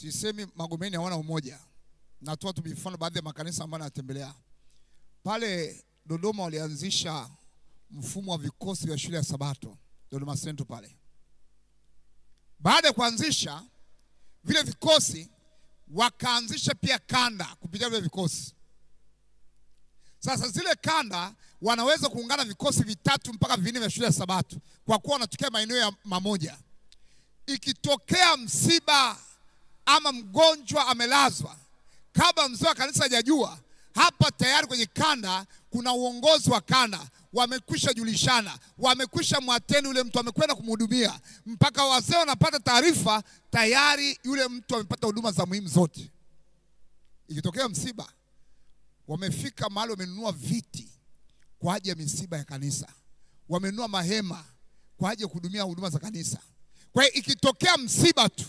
Sisemi Magomeni hawana umoja, natoa tu mifano baadhi ya makanisa ambayo natembelea. Pale Dodoma walianzisha mfumo wa vikosi vya shule ya Sabato Dodoma Central pale. Baada ya kuanzisha vile vikosi, wakaanzisha pia kanda kupitia vile vikosi. Sasa zile kanda wanaweza kuungana vikosi vitatu mpaka vinne vya shule ya Sabato, kwa kuwa wanatokea maeneo ya mamoja. Ikitokea msiba ama mgonjwa amelazwa, kabla mzee wa kanisa hajajua, hapa tayari kwenye kanda kuna uongozi wa kanda wamekwisha julishana, wamekwisha mwateni, yule mtu amekwenda kumhudumia, mpaka wazee wanapata taarifa tayari, yule mtu amepata huduma za muhimu zote. Ikitokea msiba, wamefika mahali wamenunua viti kwa ajili ya misiba ya kanisa, wamenunua mahema kwa ajili ya kuhudumia huduma za kanisa. Kwa hiyo ikitokea msiba tu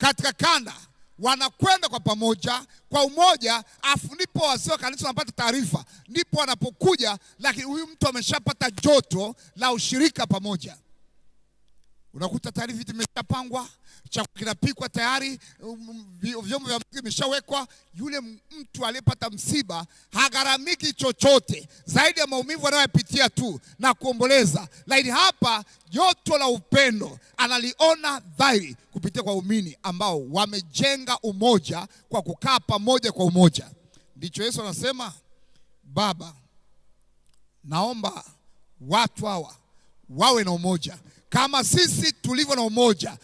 katika kanda wanakwenda kwa pamoja kwa umoja, afu ndipo wazee wa kanisa wanapata taarifa, ndipo wanapokuja, lakini huyu mtu ameshapata joto la ushirika pamoja. Unakuta taarifa zimeshapangwa, chakula kinapikwa tayari, um, um, vyombo vya muziki vimeshawekwa. Yule mtu aliyepata msiba hagharamiki chochote zaidi ya maumivu anayoyapitia tu na kuomboleza, lakini hapa joto la upendo analiona dhahiri kupitia kwa umini ambao wamejenga umoja kwa kukaa pamoja kwa umoja. Ndicho Yesu anasema, Baba, naomba watu hawa wawe na umoja kama sisi tulivyo na umoja,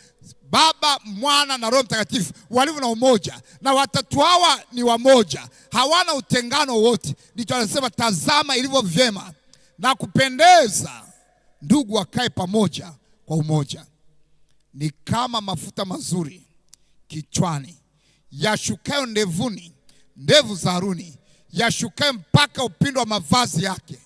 Baba, Mwana na Roho Mtakatifu walivyo na umoja, na watatu hawa ni wamoja, hawana utengano wote. Ndicho anasema, tazama ilivyo vyema na kupendeza ndugu wakae pamoja kwa umoja ni kama mafuta mazuri kichwani, yashukayo ndevuni, ndevu za Haruni, yashukayo mpaka upindo wa mavazi yake.